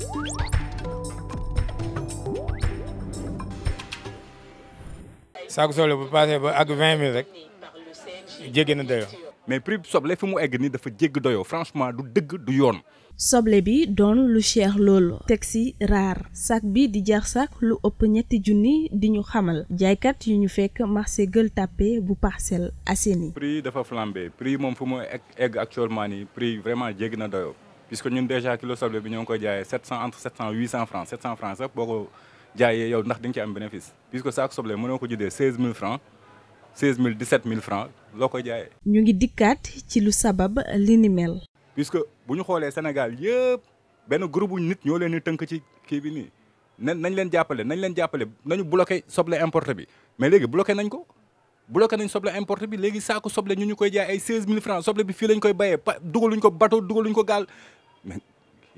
saako soble bu paasee ba ak vingt mille rek jéggi na dayoo. mais prix soble fi mu egg nii dafa jégg doyo franchement du dëgg du yoon. soble bi doon lu cher loolu. teg si raar. sac bi di jar sac lu ëpp ñetti junni di ñu xamal. jaaykat yu ñu fekk marché gël Tapée bu Parcelles Assainies. prix dafa flambé prix moom fu mu egg actuellement nii prix vraiment jéggi na doyo puisque ñun déjà kilo soble bi ñoo ngi koy jaayee 700 entre 700 800 francs 700 francs sax boo ko jaayee yow ndax di nga francs 16000 17000 francs loo koy jaayee. ñu ngi dikkaat ci lu sabab li ni mel. puisque bu ñu xoolee Sénégal yëpp benn groupe bu nit ñoo leen di tënk ci kii bi nii nañ leen jàppale nañ leen jàppale nañu bloqué soble importé bi mais léegi bloqué nañ ko. bloqué nañ soble importé bi léegi saako soble ñu ñu koy jaay ay 16000 francs soble bi fii lañ koy bayee pa dugaluñ ko bateau dugaluñ ko gaal mais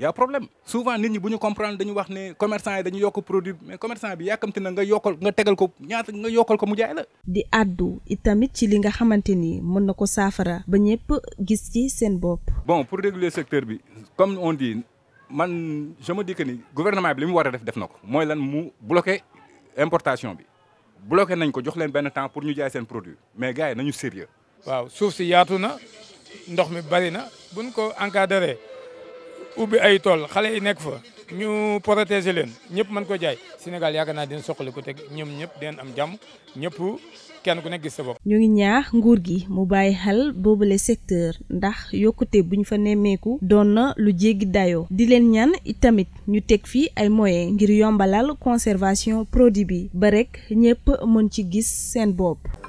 a problème souvent nit ñi bu ñu comprendre dañu wax ne commerçant yi dañu yokk produit mais commerçant bi yàkkamti na nga yokkal nga tegal ko ñaata nga yokkal ko mu jaay la. di àddu itamit ci li nga xamante ni mën na ko saafara ba ñëpp gis ci seen bopp. bon pour réguler secteur bi comme on dit man je me dis ni gouvernement bi li mu war a def def na ko mooy lan mu bloqué importation bi bloqué nañ ko jox leen benn temps pour ñu jaay seen produit mais gars nañu sérieux waaw suuf si yaatu na ndox mi bari na buñ ko encadré. ubbi ay tool xale yi nekk fa ñu protéger leen ñëpp mën ko jaay Sénégal yaakaar naa dina soqaliku teg ñoom ñëpp dinañ am jàmm ñëpp kenn ku nekk gis sa bopp. ñu ngi ñaax nguur gi mu bàyyi xel boobule secteur ndax yokkute bu ñu fa nemmeeku doon na lu jéggi dayoo di leen ñaan itamit ñu teg fii ay moyens ngir yombalal conservation produit bi ba rek ñëpp mën ci gis seen bopp.